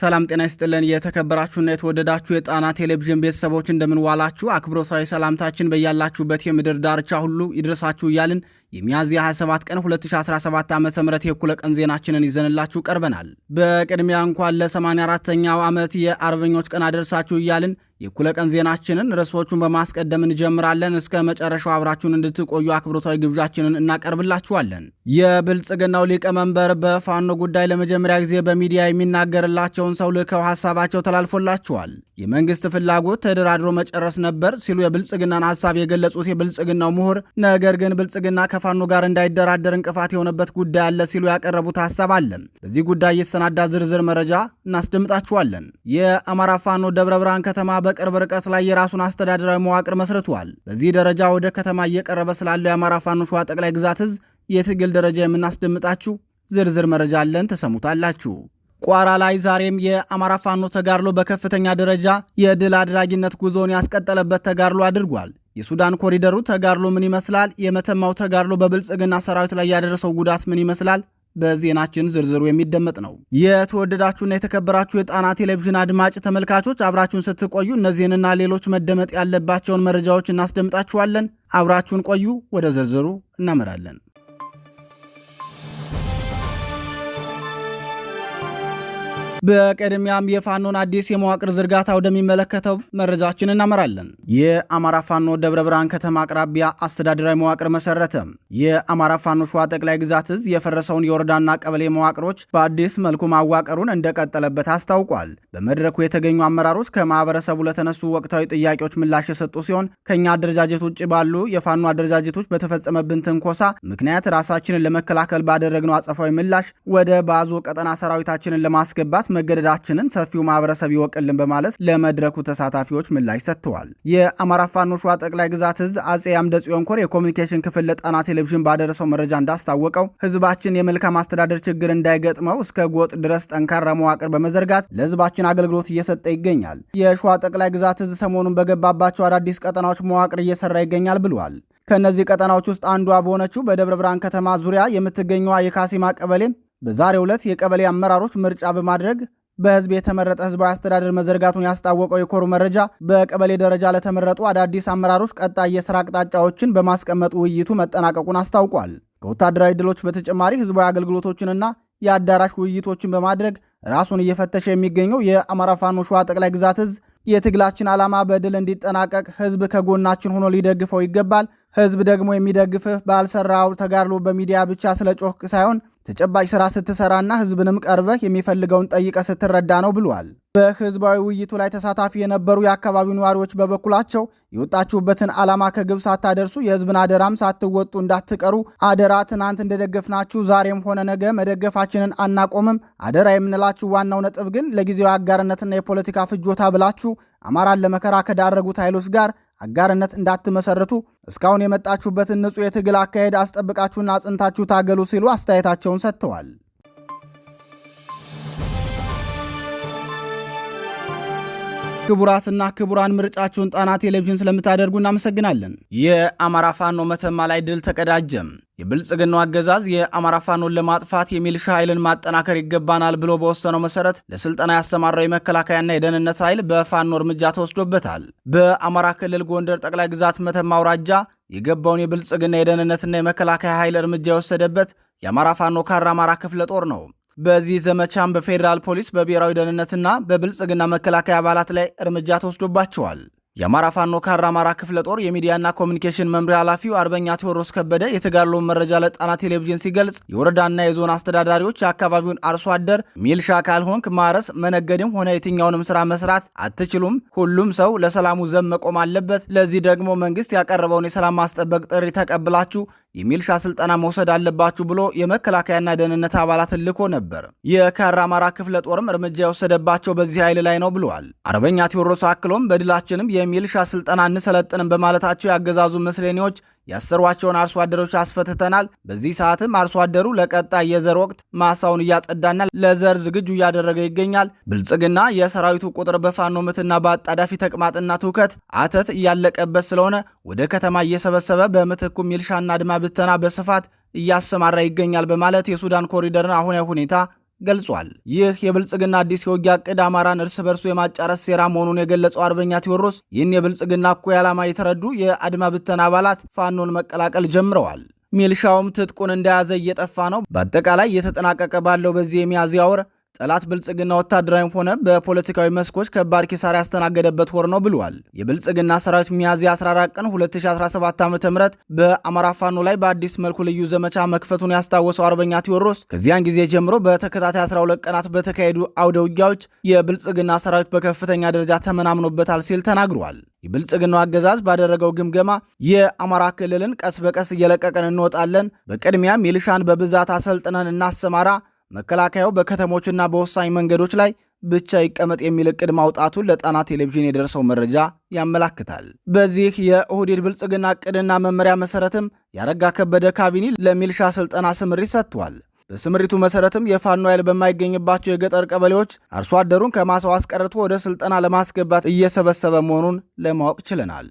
ሰላም ጤና ይስጥልን። የተከበራችሁና የተወደዳችሁ የጣና ቴሌቪዥን ቤተሰቦች እንደምንዋላችሁ፣ አክብሮታዊ ሰላምታችን በያላችሁበት የምድር ዳርቻ ሁሉ ይድረሳችሁ እያልን የሚያዝያ 27 ቀን 2017 ዓ ም የእኩለ ቀን ዜናችንን ይዘንላችሁ ቀርበናል። በቅድሚያ እንኳን ለ84ኛው ዓመት የአርበኞች ቀን አደርሳችሁ እያልን የእኩለ ቀን ዜናችንን ርዕሶቹን በማስቀደም እንጀምራለን። እስከ መጨረሻው አብራችሁን እንድትቆዩ አክብሮታዊ ግብዣችንን እናቀርብላችኋለን። የብልጽግናው ሊቀመንበር በፋኖ ጉዳይ ለመጀመሪያ ጊዜ በሚዲያ የሚናገርላቸውን ሰው ልከው ሀሳባቸው ተላልፎላቸዋል። የመንግስት ፍላጎት ተደራድሮ መጨረስ ነበር ሲሉ የብልጽግናን ሀሳብ የገለጹት የብልጽግናው ምሁር፣ ነገር ግን ብልጽግና ከፋኖ ጋር እንዳይደራደር እንቅፋት የሆነበት ጉዳይ አለ ሲሉ ያቀረቡት ሀሳብ አለ። በዚህ ጉዳይ የተሰናዳ ዝርዝር መረጃ እናስደምጣችኋለን። የአማራ ፋኖ ደብረ ብርሃን ከተማ በቅርብ ርቀት ላይ የራሱን አስተዳደራዊ መዋቅር መስርቷል። በዚህ ደረጃ ወደ ከተማ እየቀረበ ስላለው የአማራ ፋኖ ሸዋ ጠቅላይ ግዛት እዝ የትግል ደረጃ የምናስደምጣችሁ ዝርዝር መረጃ አለን፣ ተሰሙታላችሁ። ቋራ ላይ ዛሬም የአማራ ፋኖ ተጋድሎ በከፍተኛ ደረጃ የድል አድራጊነት ጉዞውን ያስቀጠለበት ተጋድሎ አድርጓል። የሱዳን ኮሪደሩ ተጋድሎ ምን ይመስላል? የመተማው ተጋድሎ በብልጽግና ሰራዊት ላይ ያደረሰው ጉዳት ምን ይመስላል? በዜናችን ዝርዝሩ የሚደመጥ ነው። የተወደዳችሁና የተከበራችሁ የጣና ቴሌቪዥን አድማጭ ተመልካቾች አብራችሁን ስትቆዩ እነዚህንና ሌሎች መደመጥ ያለባቸውን መረጃዎች እናስደምጣችኋለን። አብራችሁን ቆዩ። ወደ ዝርዝሩ እናመራለን። በቅድሚያም የፋኖን አዲስ የመዋቅር ዝርጋታ ወደሚመለከተው መረጃችን እናመራለን። የአማራ ፋኖ ደብረ ብርሃን ከተማ አቅራቢያ አስተዳደራዊ መዋቅር መሰረተ። የአማራ ፋኖ ሸዋ ጠቅላይ ግዛት እዝ የፈረሰውን የወረዳና ቀበሌ መዋቅሮች በአዲስ መልኩ ማዋቀሩን እንደቀጠለበት አስታውቋል። በመድረኩ የተገኙ አመራሮች ከማህበረሰቡ ለተነሱ ወቅታዊ ጥያቄዎች ምላሽ የሰጡ ሲሆን ከእኛ አደረጃጀት ውጭ ባሉ የፋኖ አደረጃጀቶች በተፈጸመብን ትንኮሳ ምክንያት ራሳችንን ለመከላከል ባደረግነው አጸፋዊ ምላሽ ወደ ባዞ ቀጠና ሰራዊታችንን ለማስገባት መገደዳችንን ሰፊው ማህበረሰብ ይወቅልን በማለት ለመድረኩ ተሳታፊዎች ምላሽ ሰጥተዋል። የአማራ ፋኖ ሸዋ ጠቅላይ ግዛት እዝ አጼ አምደ ጽዮን ኮር የኮሚኒኬሽን ክፍል ለጣና ቴሌቪዥን ባደረሰው መረጃ እንዳስታወቀው ህዝባችን የመልካም አስተዳደር ችግር እንዳይገጥመው እስከ ጎጥ ድረስ ጠንካራ መዋቅር በመዘርጋት ለህዝባችን አገልግሎት እየሰጠ ይገኛል። የሸዋ ጠቅላይ ግዛት እዝ ሰሞኑን በገባባቸው አዳዲስ ቀጠናዎች መዋቅር እየሰራ ይገኛል ብሏል። ከእነዚህ ቀጠናዎች ውስጥ አንዷ በሆነችው በደብረ ብርሃን ከተማ ዙሪያ የምትገኘዋ የካሲማ ቀበሌ በዛሬው ዕለት የቀበሌ አመራሮች ምርጫ በማድረግ በህዝብ የተመረጠ ህዝባዊ አስተዳደር መዘርጋቱን ያስታወቀው የኮሩ መረጃ በቀበሌ ደረጃ ለተመረጡ አዳዲስ አመራሮች ቀጣይ የስራ አቅጣጫዎችን በማስቀመጥ ውይይቱ መጠናቀቁን አስታውቋል። ከወታደራዊ ድሎች በተጨማሪ ህዝባዊ አገልግሎቶችንና የአዳራሽ ውይይቶችን በማድረግ ራሱን እየፈተሸ የሚገኘው የአማራ ፋኖ ሸዋ ጠቅላይ ግዛት እዝ የትግላችን ዓላማ በድል እንዲጠናቀቅ ህዝብ ከጎናችን ሆኖ ሊደግፈው ይገባል። ህዝብ ደግሞ የሚደግፍህ ባልሰራው ተጋድሎ በሚዲያ ብቻ ስለ ጮክ ሳይሆን ተጨባጭ ስራ ስትሰራና ህዝብንም ቀርበህ የሚፈልገውን ጠይቀ ስትረዳ ነው ብሏል። በህዝባዊ ውይይቱ ላይ ተሳታፊ የነበሩ የአካባቢው ነዋሪዎች በበኩላቸው የወጣችሁበትን ዓላማ ከግብ ሳታደርሱ የህዝብን አደራም ሳትወጡ እንዳትቀሩ አደራ። ትናንት እንደደገፍናችሁ ዛሬም ሆነ ነገ መደገፋችንን አናቆምም። አደራ የምንላችሁ ዋናው ነጥብ ግን ለጊዜው አጋርነትና የፖለቲካ ፍጆታ ብላችሁ አማራን ለመከራ ከዳረጉት ኃይሎች ጋር አጋርነት እንዳትመሰርቱ እስካሁን የመጣችሁበትን ንጹሕ የትግል አካሄድ አስጠብቃችሁና አጽንታችሁ ታገሉ ሲሉ አስተያየታቸውን ሰጥተዋል። ክቡራትና ክቡራን ምርጫችሁን ጣና ቴሌቪዥን ስለምታደርጉ እናመሰግናለን። የአማራ ፋኖ መተማ ላይ ድል ተቀዳጀም። የብልጽግናው አገዛዝ የአማራ ፋኖን ለማጥፋት የሚልሻ ኃይልን ማጠናከር ይገባናል ብሎ በወሰነው መሰረት ለስልጠና ያሰማራው የመከላከያና የደህንነት ኃይል በፋኖ እርምጃ ተወስዶበታል። በአማራ ክልል ጎንደር ጠቅላይ ግዛት መተማ አውራጃ የገባውን የብልጽግና የደህንነትና የመከላከያ ኃይል እርምጃ የወሰደበት የአማራ ፋኖ ካራ አማራ ክፍለ ጦር ነው። በዚህ ዘመቻም በፌዴራል ፖሊስ፣ በብሔራዊ ደህንነትና በብልጽግና መከላከያ አባላት ላይ እርምጃ ተወስዶባቸዋል። የአማራ ፋኖ ካራ አማራ ክፍለ ጦር የሚዲያና ኮሚኒኬሽን መምሪያ ኃላፊው አርበኛ ቴዎድሮስ ከበደ የተጋድሎውን መረጃ ለጣና ቴሌቪዥን ሲገልጽ የወረዳና የዞን አስተዳዳሪዎች የአካባቢውን አርሶ አደር ሚልሻ ካልሆንክ ማረስ፣ መነገድም ሆነ የትኛውንም ስራ መስራት አትችሉም። ሁሉም ሰው ለሰላሙ ዘብ መቆም አለበት። ለዚህ ደግሞ መንግስት ያቀረበውን የሰላም ማስጠበቅ ጥሪ ተቀብላችሁ የሚልሻ ስልጠና መውሰድ አለባችሁ ብሎ የመከላከያና ደህንነት አባላትን ልኮ ነበር። የካራ አማራ ክፍለ ጦርም እርምጃ የወሰደባቸው በዚህ ኃይል ላይ ነው ብለዋል። አርበኛ ቴዎድሮስ አክሎም በድላችንም የሚልሻ ስልጠና እንሰለጥንም በማለታቸው ያገዛዙ መስለኔዎች ያሰሯቸውን አርሶ አደሮች አስፈትተናል። በዚህ ሰዓትም አርሶ አደሩ ለቀጣይ የዘር ወቅት ማሳውን እያጸዳና ለዘር ዝግጁ እያደረገ ይገኛል። ብልጽግና የሰራዊቱ ቁጥር በፋኖ ምትና በአጣዳፊ ተቅማጥና ትውከት አተት እያለቀበት ስለሆነ ወደ ከተማ እየሰበሰበ በምትኩ ሚልሻና አድማ ብተና በስፋት እያሰማራ ይገኛል በማለት የሱዳን ኮሪደርን አሁን ሁኔታ ገልጿል። ይህ የብልጽግና አዲስ የውጊያ ዕቅድ አማራን እርስ በርሱ የማጫረስ ሴራ መሆኑን የገለጸው አርበኛ ቴዎድሮስ ይህን የብልጽግና እኩይ ዓላማ የተረዱ የአድማ ብተን አባላት ፋኖን መቀላቀል ጀምረዋል። ሚልሻውም ትጥቁን እንደያዘ እየጠፋ ነው። በአጠቃላይ እየተጠናቀቀ ባለው በዚህ የሚያዝያ ወር ጠላት ብልጽግና ወታደራዊም ሆነ በፖለቲካዊ መስኮች ከባድ ኪሳራ ያስተናገደበት ወር ነው ብለዋል። የብልጽግና ሰራዊት ሚያዝያ 14 ቀን 2017 ዓ ም በአማራ ፋኖ ላይ በአዲስ መልኩ ልዩ ዘመቻ መክፈቱን ያስታወሰው አርበኛ ቴዎድሮስ ከዚያን ጊዜ ጀምሮ በተከታታይ 12 ቀናት በተካሄዱ አውደ ውጊያዎች የብልጽግና ሰራዊት በከፍተኛ ደረጃ ተመናምኖበታል ሲል ተናግሯል። የብልጽግናው አገዛዝ ባደረገው ግምገማ የአማራ ክልልን ቀስ በቀስ እየለቀቀን እንወጣለን፣ በቅድሚያ ሚሊሻን በብዛት አሰልጥነን እናሰማራ፣ መከላከያው በከተሞችና በወሳኝ መንገዶች ላይ ብቻ ይቀመጥ የሚል እቅድ ማውጣቱን ለጣና ቴሌቪዥን የደረሰው መረጃ ያመላክታል። በዚህ የኦህዴድ ብልጽግና እቅድና መመሪያ መሰረትም ያረጋ ከበደ ካቢኔ ለሚልሻ ስልጠና ስምሪት ሰጥቷል። በስምሪቱ መሰረትም የፋኖ ኃይል በማይገኝባቸው የገጠር ቀበሌዎች አርሶ አደሩን ከማሳው አስቀርቶ ወደ ስልጠና ለማስገባት እየሰበሰበ መሆኑን ለማወቅ ችለናል።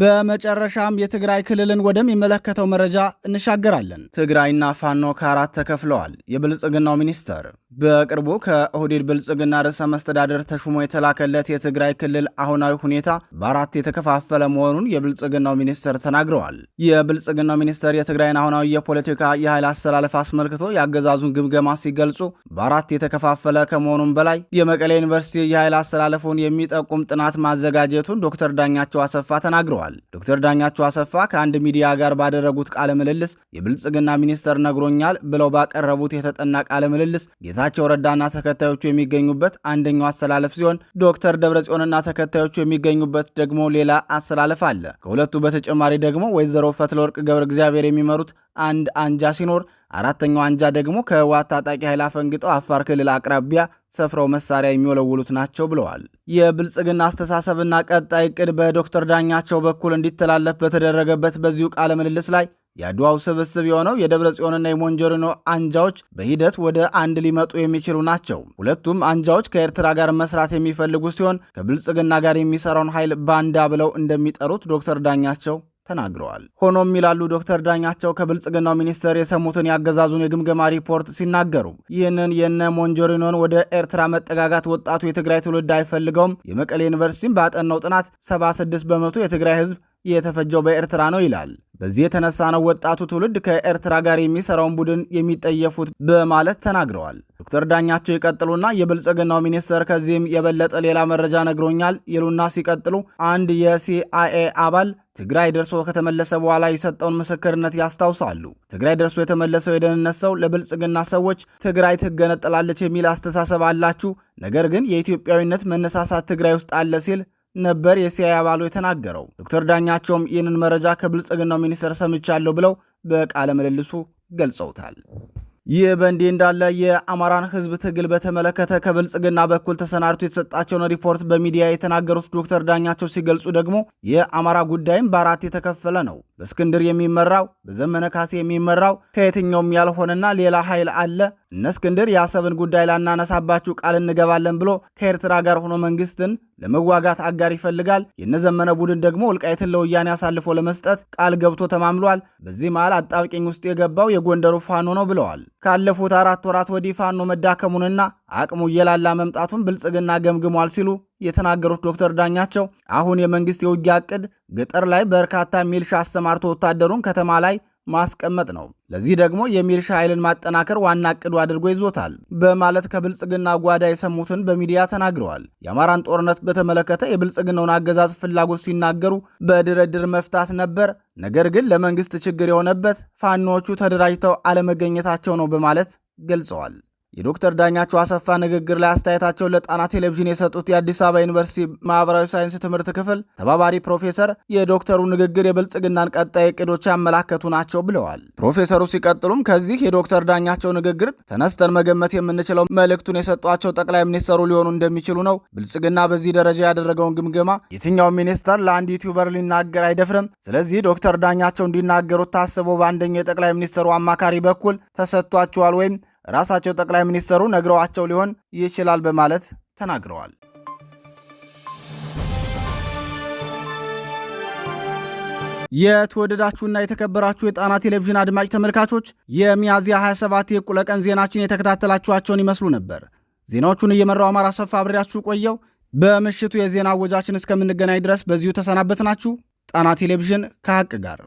በመጨረሻም የትግራይ ክልልን ወደሚመለከተው መረጃ እንሻገራለን። ትግራይና ፋኖ ከአራት ተከፍለዋል። የብልጽግናው ሚኒስተር በቅርቡ ከኦህዴድ ብልጽግና ርዕሰ መስተዳደር ተሹሞ የተላከለት የትግራይ ክልል አሁናዊ ሁኔታ በአራት የተከፋፈለ መሆኑን የብልጽግናው ሚኒስትር ተናግረዋል። የብልጽግናው ሚኒስትር የትግራይን አሁናዊ የፖለቲካ የኃይል አሰላለፍ አስመልክቶ የአገዛዙን ግምገማ ሲገልጹ በአራት የተከፋፈለ ከመሆኑም በላይ የመቀሌ ዩኒቨርሲቲ የኃይል አሰላለፉን የሚጠቁም ጥናት ማዘጋጀቱን ዶክተር ዳኛቸው አሰፋ ተናግረዋል። ዶክተር ዳኛቸው አሰፋ ከአንድ ሚዲያ ጋር ባደረጉት ቃለ ምልልስ የብልጽግና ሚኒስትር ነግሮኛል ብለው ባቀረቡት የተጠና ቃለ ምልልስ ጌታ ጌታቸው ረዳና ተከታዮቹ የሚገኙበት አንደኛው አሰላለፍ ሲሆን ዶክተር ደብረጽዮንና ተከታዮቹ የሚገኙበት ደግሞ ሌላ አሰላለፍ አለ። ከሁለቱ በተጨማሪ ደግሞ ወይዘሮ ፈትለወርቅ ገብረ እግዚአብሔር የሚመሩት አንድ አንጃ ሲኖር አራተኛው አንጃ ደግሞ ከህወሓት ታጣቂ ኃይል አፈንግጠው አፋር ክልል አቅራቢያ ሰፍረው መሳሪያ የሚወለውሉት ናቸው ብለዋል። የብልጽግና አስተሳሰብና ቀጣይ ዕቅድ በዶክተር ዳኛቸው በኩል እንዲተላለፍ በተደረገበት በዚሁ ቃለ ምልልስ ላይ የአድዋው ስብስብ የሆነው የደብረ ጽዮንና የሞንጆሪኖ አንጃዎች በሂደት ወደ አንድ ሊመጡ የሚችሉ ናቸው። ሁለቱም አንጃዎች ከኤርትራ ጋር መስራት የሚፈልጉ ሲሆን ከብልጽግና ጋር የሚሰራውን ኃይል ባንዳ ብለው እንደሚጠሩት ዶክተር ዳኛቸው ተናግረዋል። ሆኖም ይላሉ ዶክተር ዳኛቸው ከብልጽግናው ሚኒስተር የሰሙትን ያገዛዙን የግምገማ ሪፖርት ሲናገሩ ይህንን የነ ሞንጆሪኖን ወደ ኤርትራ መጠጋጋት ወጣቱ የትግራይ ትውልድ አይፈልገውም። የመቀሌ ዩኒቨርሲቲም ባጠናው ጥናት 76 በመቶ የትግራይ ህዝብ የተፈጀው በኤርትራ ነው ይላል። በዚህ የተነሳ ነው ወጣቱ ትውልድ ከኤርትራ ጋር የሚሰራውን ቡድን የሚጠየፉት በማለት ተናግረዋል። ዶክተር ዳኛቸው ይቀጥሉና የብልጽግናው ሚኒስትር ከዚህም የበለጠ ሌላ መረጃ ነግሮኛል ይሉና ሲቀጥሉ አንድ የሲአይኤ አባል ትግራይ ደርሶ ከተመለሰ በኋላ የሰጠውን ምስክርነት ያስታውሳሉ። ትግራይ ደርሶ የተመለሰው የደህንነት ሰው ለብልጽግና ሰዎች ትግራይ ትገነጠላለች የሚል አስተሳሰብ አላችሁ፣ ነገር ግን የኢትዮጵያዊነት መነሳሳት ትግራይ ውስጥ አለ ሲል ነበር የሲአይ አባሉ የተናገረው። ዶክተር ዳኛቸውም ይህንን መረጃ ከብልጽግናው ሚኒስቴር ሰምቻለሁ ብለው በቃለ ምልልሱ ገልጸውታል። ይህ በእንዲህ እንዳለ የአማራን ህዝብ ትግል በተመለከተ ከብልጽግና በኩል ተሰናድቶ የተሰጣቸውን ሪፖርት በሚዲያ የተናገሩት ዶክተር ዳኛቸው ሲገልጹ ደግሞ የአማራ ጉዳይም በአራት የተከፈለ ነው። በእስክንድር የሚመራው በዘመነ ካሴ የሚመራው ከየትኛውም ያልሆነና ሌላ ኃይል አለ። እነ እስክንድር የአሰብን ጉዳይ ላናነሳባችሁ ቃል እንገባለን ብሎ ከኤርትራ ጋር ሆኖ መንግስትን ለመዋጋት አጋር ይፈልጋል። የነዘመነ ቡድን ደግሞ ወልቃይትን ለወያኔ አሳልፎ ለመስጠት ቃል ገብቶ ተማምሏል። በዚህ መሃል አጣብቂኝ ውስጥ የገባው የጎንደሩ ፋኖ ነው ብለዋል። ካለፉት አራት ወራት ወዲህ ፋኖ መዳከሙንና አቅሙ እየላላ መምጣቱን ብልጽግና ገምግሟል ሲሉ የተናገሩት ዶክተር ዳኛቸው አሁን የመንግስት የውጊያ ዕቅድ ገጠር ላይ በርካታ ሚልሻ አሰማርቶ ወታደሩን ከተማ ላይ ማስቀመጥ ነው። ለዚህ ደግሞ የሚልሻ ኃይልን ማጠናከር ዋና እቅዱ አድርጎ ይዞታል በማለት ከብልጽግና ጓዳ የሰሙትን በሚዲያ ተናግረዋል። የአማራን ጦርነት በተመለከተ የብልጽግናውን አገዛዝ ፍላጎት ሲናገሩ በድርድር መፍታት ነበር፣ ነገር ግን ለመንግስት ችግር የሆነበት ፋኖቹ ተደራጅተው አለመገኘታቸው ነው በማለት ገልጸዋል። የዶክተር ዳኛቸው አሰፋ ንግግር ላይ አስተያየታቸውን ለጣና ቴሌቪዥን የሰጡት የአዲስ አበባ ዩኒቨርሲቲ ማህበራዊ ሳይንስ ትምህርት ክፍል ተባባሪ ፕሮፌሰር የዶክተሩ ንግግር የብልጽግናን ቀጣይ እቅዶች ያመላከቱ ናቸው ብለዋል። ፕሮፌሰሩ ሲቀጥሉም ከዚህ የዶክተር ዳኛቸው ንግግር ተነስተን መገመት የምንችለው መልእክቱን የሰጧቸው ጠቅላይ ሚኒስተሩ ሊሆኑ እንደሚችሉ ነው። ብልጽግና በዚህ ደረጃ ያደረገውን ግምገማ የትኛው ሚኒስተር ለአንድ ዩቲዩበር ሊናገር አይደፍርም። ስለዚህ ዶክተር ዳኛቸው እንዲናገሩት ታስበው በአንደኛው የጠቅላይ ሚኒስተሩ አማካሪ በኩል ተሰጥቷቸዋል ወይም ራሳቸው ጠቅላይ ሚኒስትሩ ነግረዋቸው ሊሆን ይችላል በማለት ተናግረዋል። የተወደዳችሁና የተከበራችሁ የጣና ቴሌቪዥን አድማጭ ተመልካቾች የሚያዝያ 27 የእኩለ ቀን ዜናችን የተከታተላችኋቸውን ይመስሉ ነበር። ዜናዎቹን እየመራው አማራ ሰፋ አብሬያችሁ ቆየው። በምሽቱ የዜና አወጃችን እስከምንገናኝ ድረስ በዚሁ ተሰናበትናችሁ። ጣና ቴሌቪዥን ከሀቅ ጋር